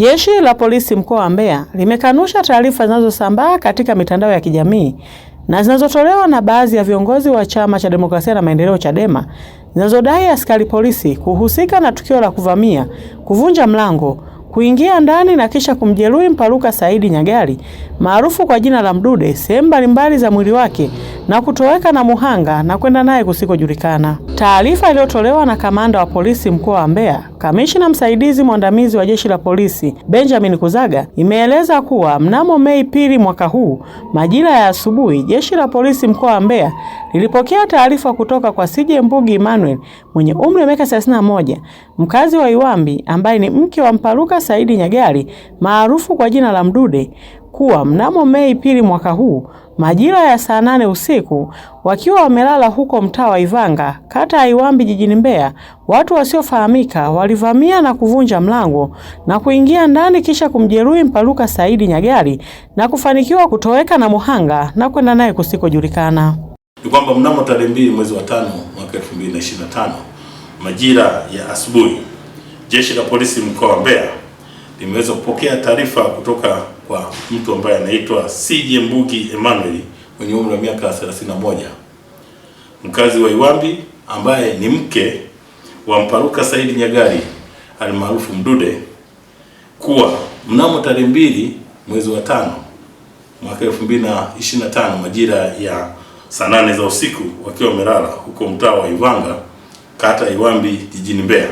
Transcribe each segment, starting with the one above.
Jeshi la polisi mkoa wa Mbeya limekanusha taarifa zinazosambaa katika mitandao ya kijamii na zinazotolewa na baadhi ya viongozi wa Chama cha Demokrasia na Maendeleo CHADEMA zinazodai askari polisi kuhusika na tukio la kuvamia, kuvunja mlango, kuingia ndani na kisha kumjeruhi Mpaluka Saidi Nyagali maarufu kwa jina la Mdude sehemu mbalimbali za mwili wake na kutoweka na muhanga na kwenda naye kusikojulikana. Taarifa iliyotolewa na kamanda wa polisi mkoa wa Mbeya, kamishina msaidizi mwandamizi wa jeshi la polisi Benjamin Kuzaga imeeleza kuwa mnamo Mei pili mwaka huu majira ya asubuhi, jeshi la polisi mkoa wa Mbeya lilipokea taarifa kutoka kwa Sije Mbugi Emmanuel mwenye umri wa miaka 31 mkazi wa Iwambi ambaye ni mke wa Mpaluka Saidi Nyagali maarufu kwa jina la Mdude kuwa mnamo Mei pili mwaka huu majira ya saa nane usiku wakiwa wamelala huko mtaa wa Ivanga kata ya Iwambi jijini Mbeya, watu wasiofahamika walivamia na kuvunja mlango na kuingia ndani kisha kumjeruhi Mpaluka Saidi Nyagali na kufanikiwa kutoweka na muhanga na kwenda naye kusikojulikana. Ni kwamba mnamo tarehe mbili mwezi wa tano mwaka 2025 majira ya asubuhi jeshi la polisi mkoa wa Mbeya limeweza kupokea taarifa kutoka kwa mtu ambaye anaitwa C.J. Mbugi Emmanuel mwenye umri wa miaka 31 mkazi wa Iwambi ambaye ni mke wa Mparuka Saidi Nyagari almaarufu Mdude kuwa mnamo tarehe mbili mwezi wa tano mwaka tano majira ya saa nane za usiku wakiwa wamelala huko mtaa wa Ivanga kata Iwambi jijini Mbeya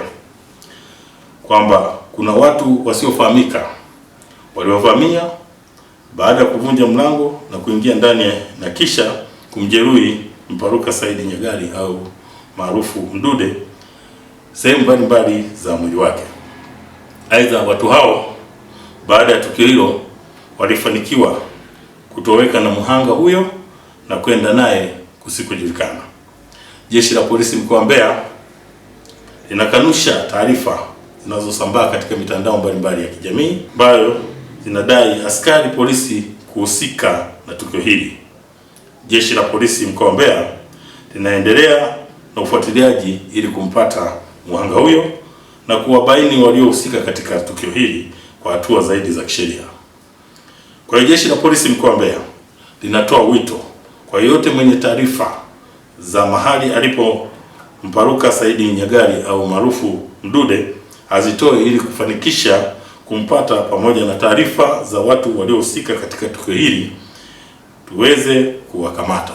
kwamba kuna watu wasiofahamika waliovamia baada ya kuvunja mlango na kuingia ndani na kisha kumjeruhi Mparuka Saidi Nyagali au maarufu Mdude sehemu mbalimbali za mwili wake. Aidha, watu hao baada ya tukio hilo walifanikiwa kutoweka na mhanga huyo na kwenda naye kusikojulikana. Jeshi la Polisi mkoa wa Mbeya linakanusha taarifa zinazosambaa katika mitandao mbalimbali ya kijamii ambayo zinadai askari polisi kuhusika na tukio hili. Jeshi la polisi mkoa wa Mbeya linaendelea na ufuatiliaji ili kumpata mhanga huyo na kuwabaini waliohusika katika tukio hili kwa hatua zaidi za kisheria. Kwa hiyo jeshi la polisi mkoa wa Mbeya linatoa wito kwa yeyote mwenye taarifa za mahali alipo Mparuka Saidi Nyagali au maarufu Mdude azitoe ili kufanikisha kumpata pamoja na taarifa za watu waliohusika katika tukio hili tuweze kuwakamata.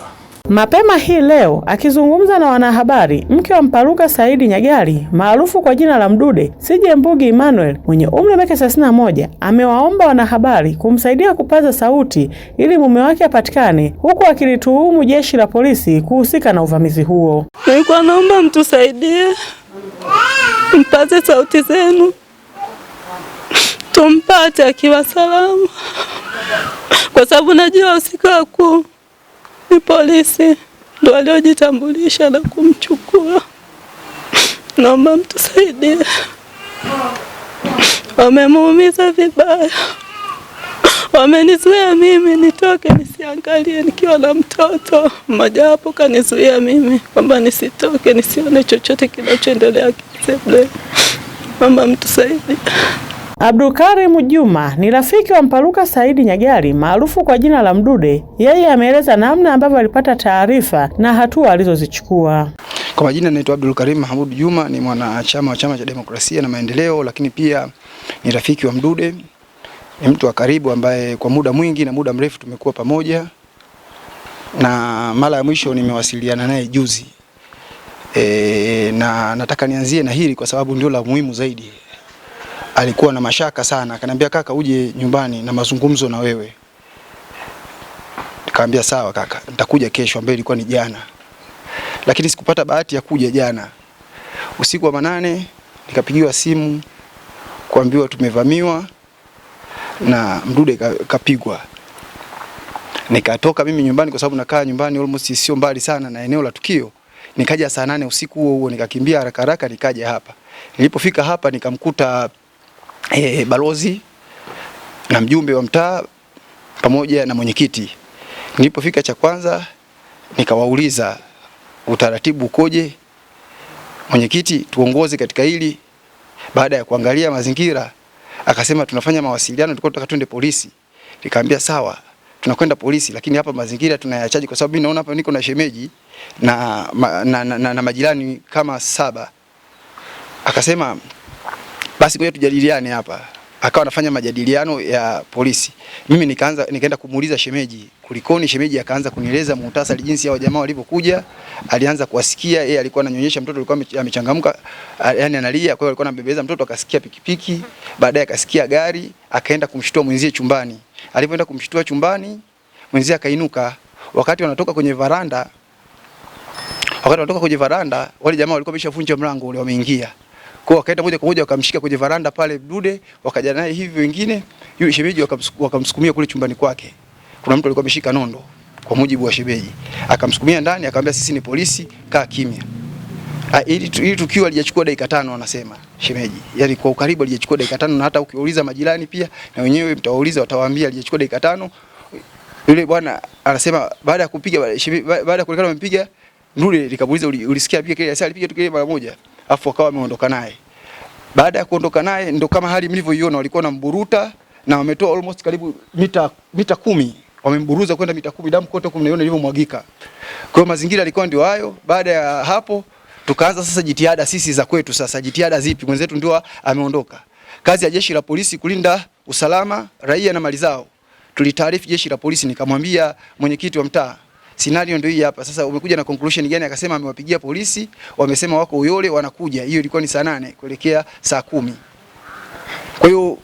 Mapema hii leo akizungumza na wanahabari, mke wa Mpaluka Saidi Nyagali maarufu kwa jina la Mdude, Sije Mbugi Emmanuel mwenye umri wa miaka 31 amewaomba wanahabari kumsaidia kupaza sauti ili mume wake apatikane, huku akilituhumu jeshi la polisi kuhusika na uvamizi huo. Nilikuwa naomba mtusaidie mpaze sauti zenu tumpate akiwa salama, kwa sababu najua usiku wa kuu ni polisi ndo waliojitambulisha na kumchukua. Naomba mtusaidie, wamemuumiza vibaya. Wamenizuia mimi nitoke nisiangalie nikiwa na mtoto mmoja wapo, kanizuia mimi kwamba nisitoke nisione chochote kinachoendelea Kisebule. Mama saidi Abdulkarimu Juma ni rafiki wa Mpaluka Saidi Nyagali maarufu kwa jina la Mdude. Yeye ameeleza namna ambavyo alipata taarifa na hatua alizozichukua. Kwa majina naitwa Karim Mahmud Juma, ni mwanachama wa Chama cha Demokrasia na Maendeleo, lakini pia ni rafiki wa Mdude ni mtu wa karibu ambaye kwa muda mwingi na muda mrefu tumekuwa pamoja, na mara ya mwisho nimewasiliana naye juzi e, na nataka nianzie na hili kwa sababu ndio la muhimu zaidi. Alikuwa na mashaka sana, akaniambia kaka, uje nyumbani na mazungumzo na wewe. Nikamwambia sawa kaka, nitakuja kesho, ambaye ilikuwa ni jana, lakini sikupata bahati ya kuja jana. Usiku wa manane nikapigiwa simu kuambiwa tumevamiwa na mdude kapigwa. Nikatoka mimi nyumbani kwa sababu nakaa nyumbani almost sio mbali sana na eneo la tukio. Nikaja saa nane usiku huo huo nikakimbia haraka haraka nikaja hapa. Nilipofika hapa nikamkuta e, balozi na mjumbe wa mtaa pamoja na mwenyekiti. Nilipofika cha kwanza nikawauliza utaratibu ukoje? Mwenyekiti, tuongoze katika hili. Baada ya kuangalia mazingira Akasema tunafanya mawasiliano, tulikuwa tunataka twende polisi. Nikamwambia sawa, tunakwenda polisi, lakini hapa mazingira tunayachaji, kwa sababu mimi naona hapa niko na shemeji na, na, na, na, na, na majirani kama saba. Akasema basi ngoja tujadiliane hapa akawa anafanya majadiliano ya polisi. Mimi nikaanza nikaenda kumuuliza shemeji kulikoni, shemeji akaanza kunieleza muhtasari jinsi hao jamaa walivyokuja. Alianza kuwasikia yeye, alikuwa ananyonyesha mtoto, alikuwa amechangamka, yani analia, kwa hiyo alikuwa anabebeza mtoto, akasikia pikipiki, baadaye akasikia gari, akaenda kumshtua mwenzie chumbani. Alipoenda kumshtua chumbani, mwenzie akainuka. Wakati wanatoka kwenye varanda, wakati wanatoka kwenye varanda, wale jamaa walikuwa wameshavunja mlango ule, wameingia kwa wakaenda moja kwa moja wakamshika kwenye varanda pale Mdude, wakaja naye hivi wengine, yule shemeji wakamsukumia kule chumbani kwake. Kuna mtu alikuwa ameshika nondo kwa mujibu wa shemeji. Akamsukumia ndani akamwambia sisi ni polisi, kaa kimya. Ah, ili ili tukio alijachukua dakika tano anasema shemeji. yani kwa ukaribu alijachukua dakika tano na hata ukiuliza majirani pia na wenyewe mtawauliza watawaambia alijachukua dakika tano. Yule bwana anasema baada ya kupiga baada ya kuonekana amempiga Dude likamuuliza ulisikia pia kile alipiga tu kile mara moja afu wakawa wameondoka naye. Baada ya kuondoka naye ndo kama hali mlivyoiona, walikuwa na mburuta na wametoa almost karibu mita mita kumi wamemburuza kwenda mita kumi, damu kote huko mnaiona ilivyomwagika. Kwa hiyo mazingira yalikuwa ndio hayo. Baada ya hapo tukaanza sasa jitihada sisi za kwetu. Sasa jitihada zipi? Mwenzetu ndio ameondoka. Kazi ya jeshi la polisi kulinda usalama raia na mali zao. Tulitaarifu jeshi la polisi, nikamwambia mwenyekiti wa mtaa Scenario ndio hii hapa. Sasa umekuja na conclusion gani? Akasema amewapigia polisi, wamesema wako Uyole wanakuja. Hiyo ilikuwa ni saa nane kuelekea saa kumi. Kwa hiyo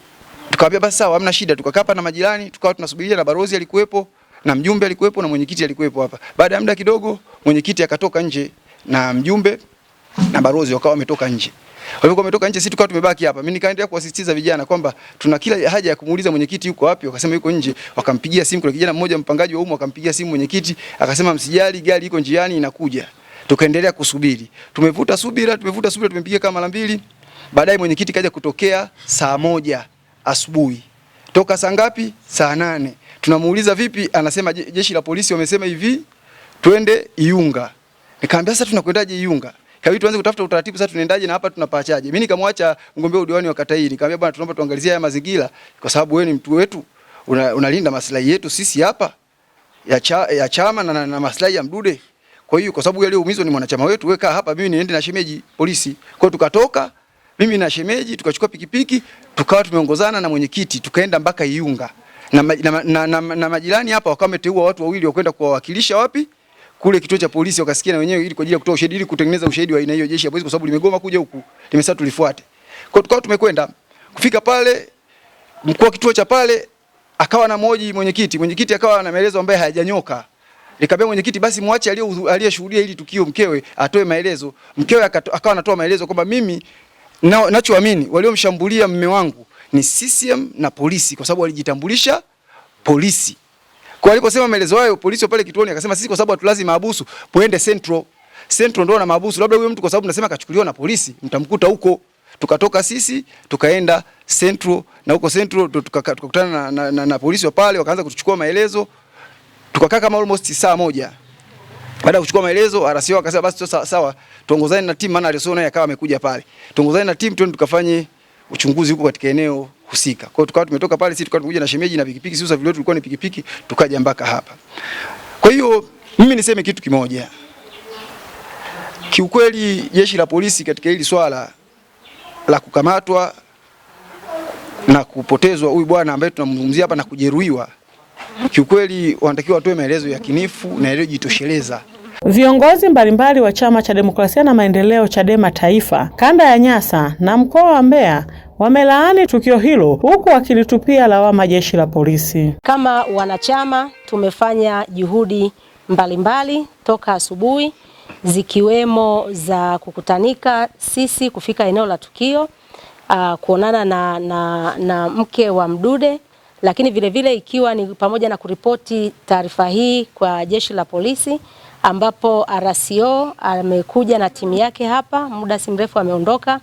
tukawaambia basi sawa, hamna shida. Tukakaa na majirani, tukawa tunasubiria na barozi alikuwepo, na mjumbe alikuwepo na mwenyekiti alikuwepo hapa. Baada ya muda kidogo mwenyekiti akatoka nje na mjumbe na barozi wakawa wametoka nje. Walivyokuwa wametoka nje, sisi tukawa tumebaki hapa. Mimi nikaendelea kuwasisitiza vijana kwamba tuna kila haja ya kumuuliza mwenyekiti yuko wapi, wakasema yuko nje. Wakampigia simu, kuna kijana mmoja mpangaji wa umu akampigia simu mwenyekiti, akasema msijali, gari iko njiani inakuja. Tukaendelea kusubiri, tumevuta subira, tumevuta subira, tumempigia kama mara mbili. Baadaye mwenyekiti kaja kutokea saa moja asubuhi toka saa ngapi? Saa nane. Tunamuuliza vipi? Anasema jeshi la polisi wamesema hivi, twende Iunga. Nikamwambia sasa tunakwendaje Iunga? Kabidi tuanze kutafuta utaratibu sasa tunaendaje na hapa tunapachaje. Mimi nikamwacha mgombea udiwani wa kata hii, nikamwambia bwana, tunaomba tuangalizie haya mazingira kwa sababu wewe ni mtu wetu, unalinda una maslahi yetu sisi hapa ya, cha, ya chama na, na, na maslahi ya Mdude. Kwa hiyo kwa sababu yule umizo ni mwanachama wetu, wewe kaa hapa, mimi niende na shemeji polisi. Kwa hiyo tukatoka mimi na shemeji tukachukua pikipiki tukawa tumeongozana na mwenyekiti tukaenda mpaka Iunga na, na, na, na, na majirani hapa wakawa wameteua watu wawili wakwenda kuwawakilisha wapi kule kituo cha polisi wakasikia na wenyewe, ili kwa ajili ya kutoa ushahidi, ili kutengeneza ushahidi wa aina hiyo. Jeshi la polisi kwa sababu limegoma kuja huku, limesema tulifuate. Kwa tukao tumekwenda kufika pale, mkuu wa kituo cha pale akawa na moji mwenyekiti, mwenyekiti akawa na maelezo ambayo hayajanyoka Nikamwambia mwenyekiti, basi muache aliyeshuhudia hili tukio mkewe atoe maelezo. Mkewe akawa anatoa maelezo kwamba mimi na, nachoamini waliomshambulia mme wangu ni CCM na polisi, kwa sababu walijitambulisha polisi. Kwa aliposema maelezo hayo, polisi pale kituoni akasema sisi kwa sababu hatulazi mahabusu, muende Central. Central ndio na mahabusu. Labda huyo mtu kwa sababu nasema kachukuliwa na polisi, mtamkuta huko. Tukatoka sisi tukaenda Central na huko Central tukakutana na, na, na, na polisi wa pale wakaanza kutuchukua maelezo. Tukakaa kama almost saa moja. Baada ya kuchukua maelezo RCO akasema basi sawa, sawa tuongozane na timu, maana RCO naye akawa amekuja pale. Tuongozane na timu twende tukafanye uchunguzi huko katika eneo husika. Kwa hiyo tukawa tumetoka pale sisi tukawa tumekuja na shemeji na pikipiki, sisi usafiri wetu tulikuwa ni pikipiki, tukaja mpaka hapa. Kwa hiyo mimi niseme kitu kimoja. Kiukweli jeshi la polisi katika hili swala la kukamatwa na kupotezwa huyu bwana ambaye tunamzungumzia hapa na kujeruhiwa, kiukweli wanatakiwa watoe maelezo ya kinifu na yaliyojitosheleza. Viongozi mbalimbali wa Chama cha Demokrasia na Maendeleo CHADEMA Taifa, kanda ya Nyasa na mkoa wa Mbeya wamelaani tukio hilo huku wakilitupia lawama jeshi la polisi. Kama wanachama tumefanya juhudi mbalimbali mbali toka asubuhi zikiwemo za kukutanika sisi kufika eneo la tukio uh, kuonana na, na, na mke wa Mdude, lakini vilevile vile ikiwa ni pamoja na kuripoti taarifa hii kwa jeshi la polisi ambapo RCO amekuja na timu yake hapa, muda si mrefu ameondoka,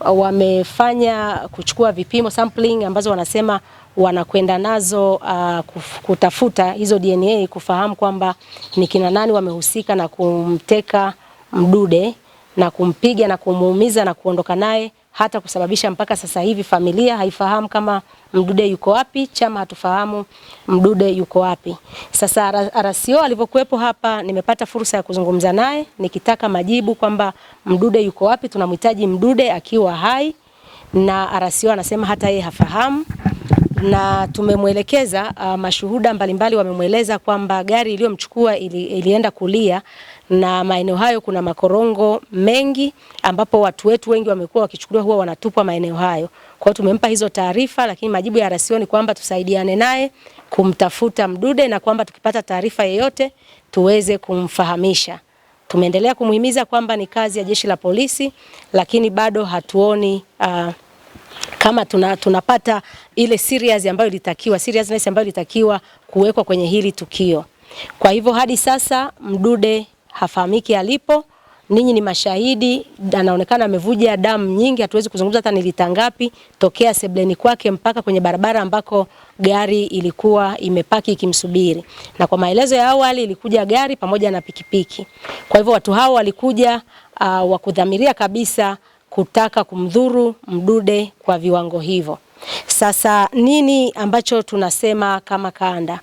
wamefanya kuchukua vipimo sampling ambazo wanasema wanakwenda nazo uh, kutafuta hizo DNA kufahamu kwamba ni kina nani wamehusika na kumteka Mdude na kumpiga na kumuumiza na kuondoka naye hata kusababisha mpaka sasa hivi familia haifahamu kama Mdude yuko wapi, chama hatufahamu Mdude yuko wapi. Sasa RCO alivyokuwepo hapa, nimepata fursa ya kuzungumza naye nikitaka majibu kwamba Mdude yuko wapi, tunamhitaji Mdude akiwa hai, na RCO anasema hata yeye hafahamu na tumemwelekeza uh, mashuhuda mbalimbali wamemweleza kwamba gari iliyomchukua ili, ilienda kulia na maeneo hayo kuna makorongo mengi ambapo watu wetu wengi wamekuwa wakichukuliwa huwa wanatupwa maeneo hayo. Kwa hiyo tumempa hizo taarifa, lakini majibu ya RCO ni kwamba tusaidiane naye kumtafuta Mdude na kwamba tukipata taarifa yoyote tuweze kumfahamisha. Tumeendelea kumhimiza kwamba ni kazi ya jeshi la polisi, lakini bado hatuoni uh, kama tuna, tunapata ile serious ambayo ilitakiwa seriousness ambayo ilitakiwa kuwekwa kwenye hili tukio. Kwa hivyo hadi sasa Mdude hafahamiki alipo, ninyi ni mashahidi, anaonekana amevuja damu nyingi, hatuwezi kuzungumza hata ni lita ngapi tokea sebleni kwake mpaka kwenye barabara ambako gari ilikuwa imepaki ikimsubiri, na kwa maelezo ya awali ilikuja gari pamoja na pikipiki. Kwa hivyo watu hao walikuja uh, ah, wakudhamiria kabisa kutaka kumdhuru Mdude kwa viwango hivyo. Sasa nini ambacho tunasema kama kanda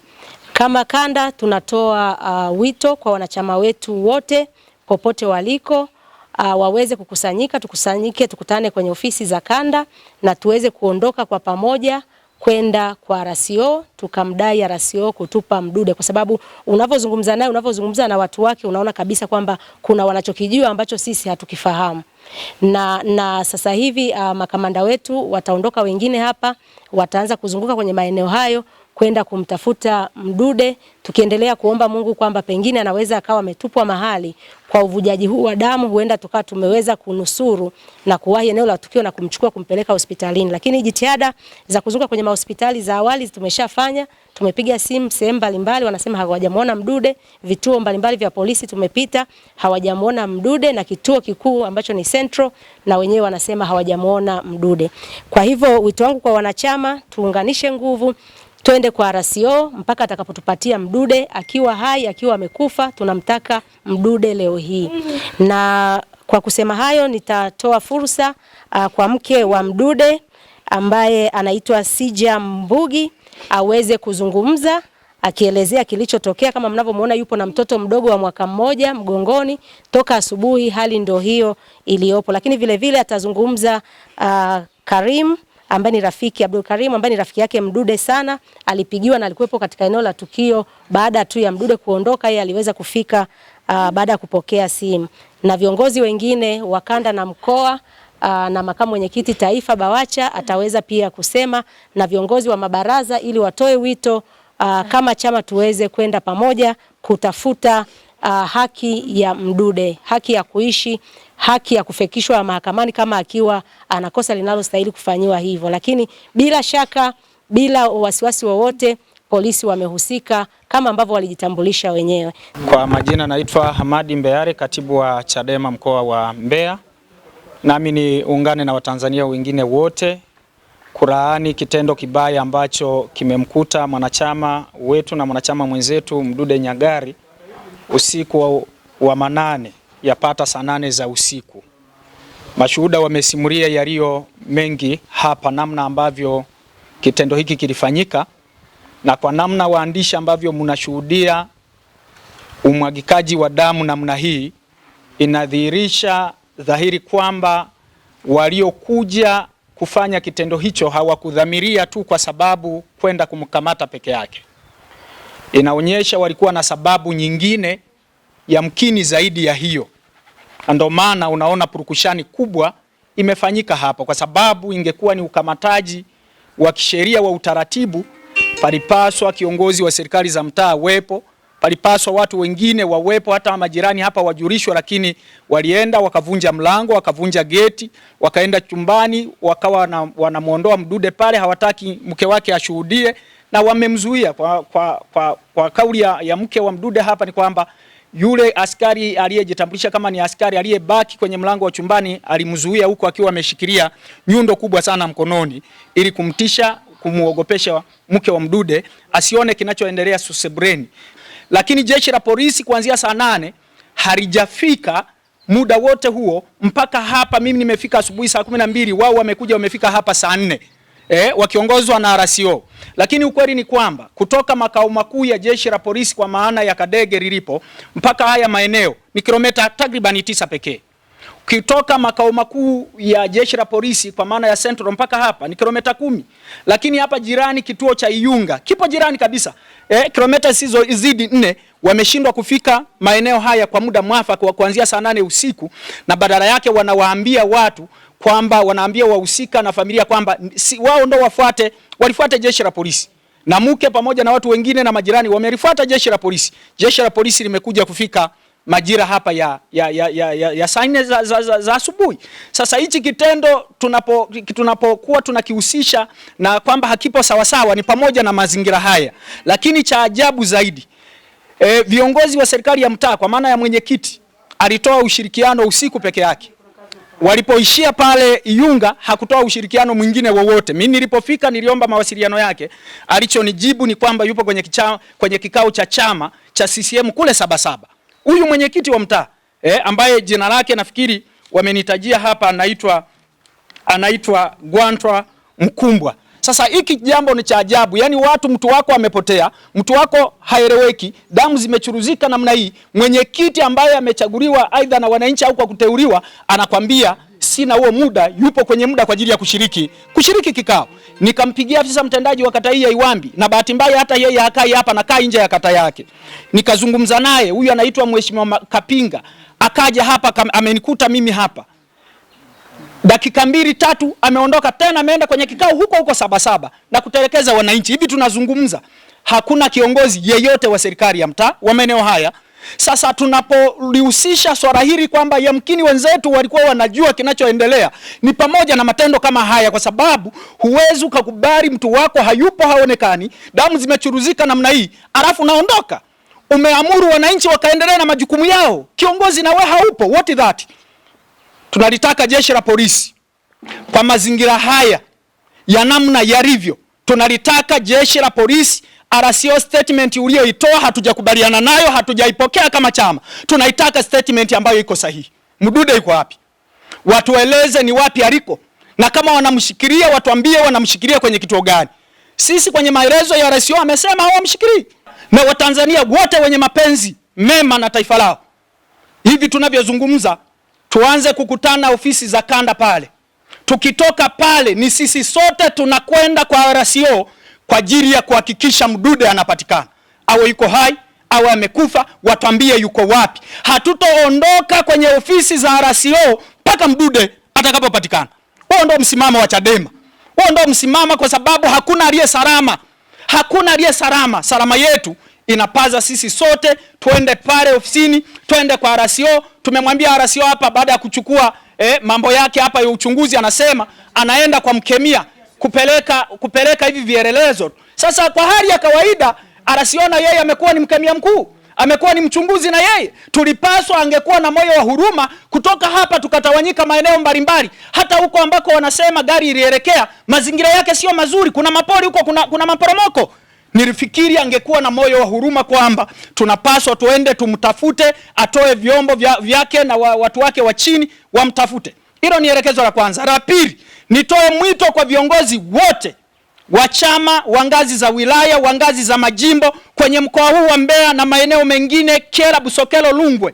kama kanda tunatoa uh, wito kwa wanachama wetu wote popote waliko uh, waweze kukusanyika, tukusanyike, tukutane kwenye ofisi za kanda na tuweze kuondoka kwa pamoja kwenda kwa RCO tukamdai RCO kutupa mdude, kwa sababu unavyozungumza naye, unavyozungumza na watu wake, unaona kabisa kwamba kuna wanachokijua ambacho sisi hatukifahamu. Na, na sasa hivi uh, makamanda wetu wataondoka wengine hapa, wataanza kuzunguka kwenye maeneo hayo kwenda kumtafuta Mdude, tukiendelea kuomba Mungu kwamba pengine anaweza akawa ametupwa mahali kwa uvujaji huu wa damu, huenda tukawa tumeweza kunusuru na kuwahi eneo la tukio na kumchukua kumpeleka hospitalini. Lakini jitihada za kuzunguka kwenye mahospitali za awali tumeshafanya, tumepiga simu sehemu mbalimbali, wanasema hawajamuona Mdude. Vituo mbalimbali vya polisi tumepita, hawajamuona Mdude, na kituo kikuu ambacho ni Central na wenyewe wanasema hawajamuona Mdude. Kwa hivyo wito wangu kwa wanachama, tuunganishe nguvu twende kwa RCO mpaka atakapotupatia mdude, akiwa hai akiwa amekufa, tunamtaka mdude leo hii. Na kwa kusema hayo, nitatoa fursa uh, kwa mke wa mdude ambaye anaitwa Sija Mbugi aweze kuzungumza akielezea kilichotokea. Kama mnavyomwona, yupo na mtoto mdogo wa mwaka mmoja mgongoni toka asubuhi, hali ndio hiyo iliyopo, lakini vilevile vile atazungumza uh, Karim ambaye ni rafiki Abdul Karim ambaye ni rafiki yake Mdude sana, alipigiwa na alikuwepo katika eneo la tukio. Baada tu ya Mdude kuondoka, yeye aliweza kufika uh, baada ya kupokea simu na viongozi wengine wa kanda na mkoa Uh, na makamu mwenyekiti taifa Bawacha ataweza pia kusema na viongozi wa mabaraza ili watoe wito uh, kama chama tuweze kwenda pamoja kutafuta uh, haki ya Mdude, haki ya kuishi haki ya kufikishwa mahakamani kama akiwa ana kosa linalostahili kufanyiwa hivyo. Lakini bila shaka, bila wasiwasi wowote, polisi wamehusika kama ambavyo walijitambulisha wenyewe. Kwa majina, naitwa Hamadi mbeare katibu wa Chadema mkoa wa Mbeya, nami niungane na Watanzania wengine wote kulaani kitendo kibaya ambacho kimemkuta mwanachama wetu na mwanachama mwenzetu Mdude Nyagari usiku wa manane yapata saa nane za usiku. Mashuhuda wamesimulia yaliyo mengi hapa, namna ambavyo kitendo hiki kilifanyika na kwa namna waandishi ambavyo mnashuhudia umwagikaji wa damu namna hii, inadhihirisha dhahiri kwamba waliokuja kufanya kitendo hicho hawakudhamiria tu kwa sababu kwenda kumkamata peke yake. Inaonyesha walikuwa na sababu nyingine yamkini zaidi ya hiyo, na ndio maana unaona purukushani kubwa imefanyika hapa, kwa sababu ingekuwa ni ukamataji wa kisheria wa utaratibu, palipaswa kiongozi wa serikali za mtaa wepo, palipaswa watu wengine wawepo, hata majirani hapa wajurishwa lakini walienda wakavunja mlango, wakavunja geti, wakaenda chumbani, wakawa wanamwondoa Mdude pale, hawataki mke wake ashuhudie na wamemzuia kwa, kwa, kwa, kwa kauli ya, ya mke wa Mdude hapa ni kwamba yule askari aliyejitambulisha kama ni askari aliyebaki kwenye mlango wa chumbani alimzuia huko akiwa ameshikilia nyundo kubwa sana mkononi, ili kumtisha, kumuogopesha mke wa Mdude asione kinachoendelea Susebreni. Lakini jeshi la polisi kuanzia saa nane halijafika muda wote huo mpaka hapa mimi nimefika asubuhi saa kumi na mbili, wao wamekuja wamefika hapa saa nne eh, wakiongozwa na RCO. Lakini ukweli ni kwamba kutoka makao makuu ya jeshi la polisi kwa maana ya Kadege lilipo mpaka haya maeneo ni kilomita takriban tisa pekee. kutoka makao makuu ya jeshi la polisi kwa maana ya Central mpaka hapa ni kilomita kumi, lakini hapa jirani kituo cha Iyunga kipo jirani kabisa eh, kilomita sizo izidi nne. Wameshindwa kufika maeneo haya kwa muda mwafaka wa kuanzia saa nane usiku na badala yake wanawaambia watu kwamba wanaambia wahusika na familia kwamba si, wao ndo wafuate, walifuate jeshi la polisi na mke pamoja na watu wengine na majirani wamelifuata jeshi la polisi. Jeshi la polisi limekuja kufika majira hapa ya, ya, ya, ya, ya, ya saa nne za, za, za, za asubuhi. Sasa hichi kitendo tunapo tunapokuwa tunakihusisha na kwamba hakipo sawasawa ni pamoja na mazingira haya, lakini cha ajabu zaidi e, viongozi wa serikali ya mtaa kwa maana ya mwenyekiti alitoa ushirikiano usiku peke yake Walipoishia pale Iyunga hakutoa ushirikiano mwingine wowote. Mimi nilipofika niliomba mawasiliano yake, alichonijibu ni kwamba yupo kwenye, kicha, kwenye kikao cha chama cha CCM kule Sabasaba. Huyu mwenyekiti wa mtaa eh, ambaye jina lake nafikiri wamenitajia hapa, anaitwa anaitwa Gwantwa Mkumbwa. Sasa hiki jambo ni cha ajabu, yaani watu, mtu wako amepotea, mtu wako haeleweki, damu zimechuruzika namna hii. Mwenyekiti ambaye amechaguliwa aidha na wananchi au kwa kuteuliwa, anakwambia sina huo muda, yupo kwenye muda kwa ajili ya kushiriki kushiriki kikao. Nikampigia afisa mtendaji wa kata hii ya Iwambi, na bahati mbaya hata yeye hakai hapa, nakaa nje ya kata yake. Nikazungumza naye, huyu anaitwa Mheshimiwa Kapinga, akaja hapa, amenikuta mimi hapa dakika mbili tatu ameondoka tena, ameenda kwenye kikao huko huko Sabasaba na kutelekeza wananchi. Hivi tunazungumza hakuna kiongozi yeyote wa serikali ya mtaa wa maeneo haya. Sasa tunapolihusisha swala hili kwamba yamkini wenzetu walikuwa wanajua kinachoendelea, ni pamoja na matendo kama haya, kwa sababu huwezi ukakubali mtu wako hayupo, haonekani, damu zimechuruzika namna hii, alafu naondoka, umeamuru wananchi wakaendelea na majukumu yao, kiongozi na wewe haupo. What is that? Tunalitaka jeshi la polisi kwa mazingira haya ya namna yalivyo, tunalitaka jeshi la polisi RCO statement uliyoitoa hatujakubaliana nayo, hatujaipokea kama chama. Tunaitaka statement ambayo iko sahihi. Mdude yuko wapi? Watueleze ni wapi aliko, na kama wanamshikilia watuambie wanamshikilia kwenye kituo gani. Sisi kwenye maelezo ya RCO amesema hawamshikilii, na Watanzania wote wenye mapenzi mema na taifa lao hivi tunavyozungumza tuanze kukutana ofisi za kanda pale. Tukitoka pale ni sisi sote tunakwenda kwa RCO kwa ajili ya kuhakikisha Mdude anapatikana, awe yuko hai au amekufa, watambie yuko wapi. Hatutoondoka kwenye ofisi za RCO mpaka Mdude atakapopatikana. Huo ndio msimamo wa Chadema, huo ndio msimamo, kwa sababu hakuna aliye salama, hakuna aliye salama. Salama yetu inapaza sisi sote twende pale ofisini, twende kwa RCO. Tumemwambia RCO hapa, baada ya kuchukua eh, mambo yake hapa ya uchunguzi, anasema anaenda kwa mkemia kupeleka kupeleka hivi vielelezo. Sasa kwa hali ya kawaida RCO na yeye amekuwa ni mkemia mkuu amekuwa ni mchunguzi na yeye, tulipaswa angekuwa na moyo wa huruma, kutoka hapa tukatawanyika maeneo mbalimbali, hata huko ambako wanasema gari ilielekea, mazingira yake sio mazuri, kuna mapori huko, kuna, kuna maporomoko. Nilifikiri angekuwa na moyo wa huruma kwamba tunapaswa tuende tumtafute, atoe vyombo vya, vyake na wa, watu wake wa chini wamtafute. Hilo ni elekezo la kwanza. La pili, nitoe mwito kwa viongozi wote wa chama wa ngazi za wilaya, wa ngazi za majimbo kwenye mkoa huu wa Mbeya na maeneo mengine Kyela, Busokelo, Lungwe,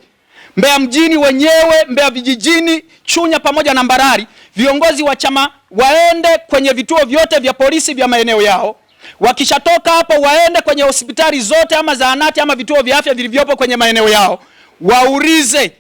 Mbeya mjini wenyewe, Mbeya vijijini, Chunya pamoja na Mbarali, viongozi wa chama waende kwenye vituo vyote vya polisi vya maeneo yao Wakishatoka hapo waende kwenye hospitali zote ama zahanati ama vituo vya afya vilivyopo kwenye maeneo yao, waulize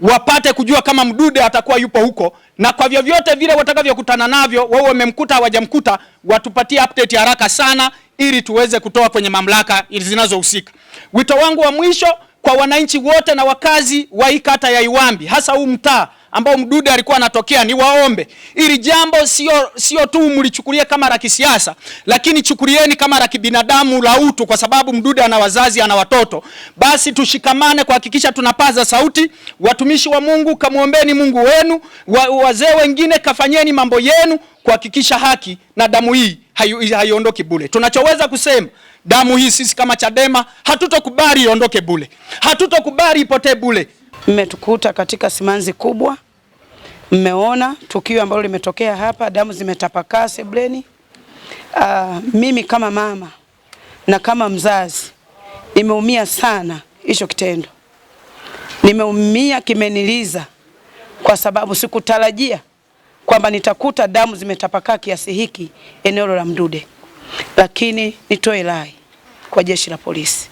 wapate kujua kama Mdude atakuwa yupo huko, na kwa vyovyote vile watakavyokutana navyo, wao wamemkuta hawajamkuta, watupatie update haraka sana, ili tuweze kutoa kwenye mamlaka zinazohusika. Wito wangu wa mwisho kwa wananchi wote na wakazi wa hii kata ya Iwambi, hasa huu mtaa ambao Mdude alikuwa anatokea, ni waombe ili jambo sio sio tu mlichukulia kama la kisiasa, lakini chukulieni kama la kibinadamu la utu, kwa sababu Mdude ana wazazi, ana watoto. Basi tushikamane kuhakikisha tunapaza sauti. Watumishi wa Mungu, kamwombeni Mungu wenu, wa, wazee wengine kafanyeni mambo yenu kuhakikisha haki na damu hii haiondoki bule. Tunachoweza kusema damu hii sisi kama Chadema hatutokubali iondoke bule, hatutokubali ipotee bule mmetukuta katika simanzi kubwa, mmeona tukio ambalo limetokea hapa, damu zimetapakaa sebleni. Uh, mimi kama mama na kama mzazi nimeumia sana hicho kitendo, nimeumia, kimeniliza kwa sababu sikutarajia kwamba nitakuta damu zimetapakaa kiasi hiki eneo la Mdude. Lakini nitoe rai kwa jeshi la polisi,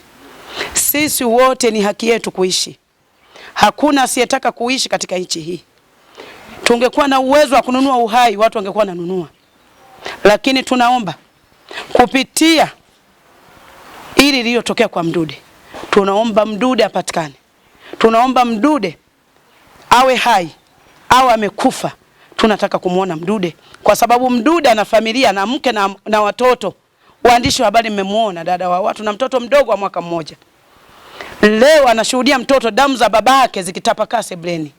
sisi wote ni haki yetu kuishi. Hakuna asiyetaka kuishi katika nchi hii. Tungekuwa na uwezo wa kununua uhai, watu wangekuwa wananunua, lakini tunaomba kupitia ili lililotokea kwa Mdude, tunaomba Mdude apatikane, tunaomba Mdude awe hai au amekufa, tunataka kumwona Mdude kwa sababu Mdude ana familia na mke na, na watoto. Waandishi wa habari, mmemwona dada wa watu na mtoto mdogo wa mwaka mmoja. Leo anashuhudia mtoto damu za baba yake zikitapakaa sebleni.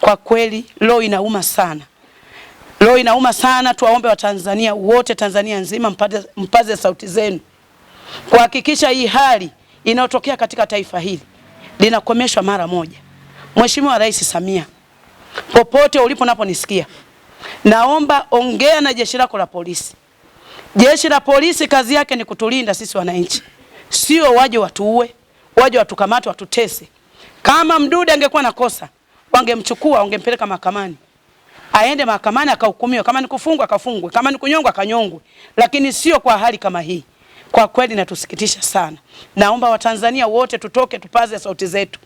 Kwa kweli leo inauma sana, leo inauma sana. Tuwaombe Watanzania wote, Tanzania nzima, mpaze, mpaze sauti zenu kuhakikisha hii hali inayotokea katika taifa hili linakomeshwa mara moja. Mheshimiwa Rais Samia, popote ulipo naponisikia, naomba ongea na jeshi lako la polisi. Jeshi la polisi kazi yake ni kutulinda sisi wananchi, sio waje watuue waje watukamate watutese. Kama Mdude angekuwa na kosa, wangemchukua wangempeleka mahakamani, aende mahakamani akahukumiwa, kama ni kufungwa akafungwe, kama ni kunyongwa akanyongwe, lakini sio kwa hali kama hii. Kwa kweli natusikitisha sana. Naomba Watanzania wote tutoke tupaze sauti zetu.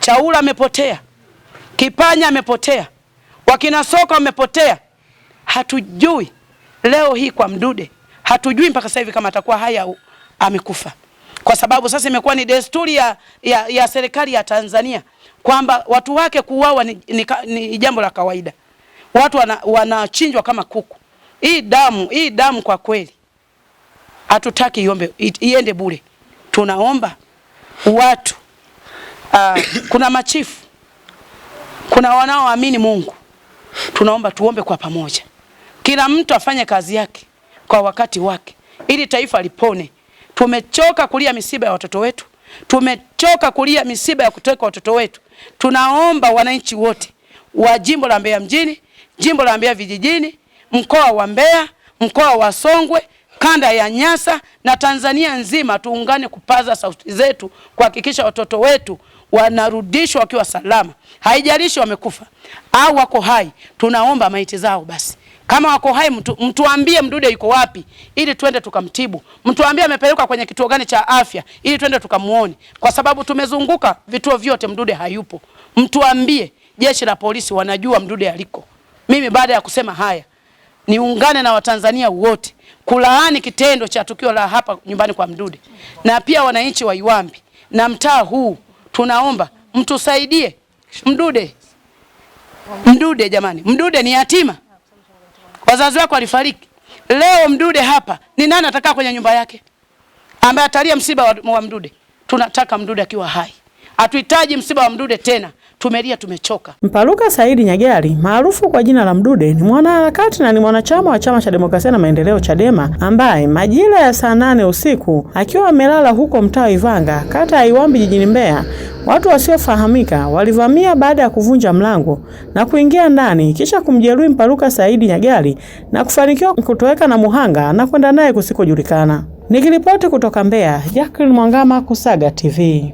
Chaula amepotea, Kipanya amepotea, wakina Soka wamepotea, hatujui leo hii kwa Mdude, hatujui mpaka sasa hivi kama atakuwa haya amekufa kwa sababu sasa imekuwa ni desturi ya, ya, ya serikali ya Tanzania kwamba watu wake kuuawa ni, ni, ni jambo la kawaida. Watu wanachinjwa wana kama kuku. Hii damu hii damu kwa kweli hatutaki iombe iende bure. Tunaomba watu uh, kuna machifu, kuna wanaoamini Mungu, tunaomba tuombe kwa pamoja, kila mtu afanye kazi yake kwa wakati wake, ili taifa lipone. Tumechoka kulia misiba ya watoto wetu, tumechoka kulia misiba ya kutoka watoto wetu. Tunaomba wananchi wote wa jimbo la Mbeya mjini, jimbo la Mbeya vijijini, mkoa wa Mbeya, mkoa wa Songwe, kanda ya Nyasa na Tanzania nzima tuungane kupaza sauti zetu kuhakikisha watoto wetu wanarudishwa wakiwa salama. Haijalishi wamekufa au wako hai, tunaomba maiti zao basi kama wako hai mtu, mtuambie Mdude yuko wapi ili twende tukamtibu. Mtuambie amepelekwa kwenye kituo gani cha afya ili twende tukamuone, kwa sababu tumezunguka vituo vyote, Mdude hayupo. Mtuambie, jeshi la polisi wanajua Mdude aliko. Mimi baada ya kusema haya niungane na Watanzania wote kulaani kitendo cha tukio la hapa nyumbani kwa Mdude, na pia wananchi wa Iwambi na mtaa huu, tunaomba mtusaidie Mdude. Mdude jamani, Mdude ni yatima wazazi wako walifariki, leo Mdude hapa ni nani atakaa kwenye nyumba yake ambaye atalia msiba wa, Mdude? Tunataka Mdude akiwa hai, hatuhitaji msiba wa Mdude tena tumelia, tumechoka. Mpaluka Saidi Nyagali maarufu kwa jina la Mdude ni mwanaharakati na ni mwanachama wa Chama cha Demokrasia na Maendeleo CHADEMA, ambaye majira ya saa nane usiku akiwa amelala huko mtaa wa Ivanga, kata ya Iwambi, jijini Mbeya, watu wasiofahamika walivamia baada ya kuvunja mlango na kuingia ndani kisha kumjeruhi Mpaluka Saidi Nyagali na kufanikiwa kutoweka na muhanga na kwenda naye kusikojulikana. Nikiripoti kutoka Mbeya, Jacqueline Mwangama, Kusaga TV.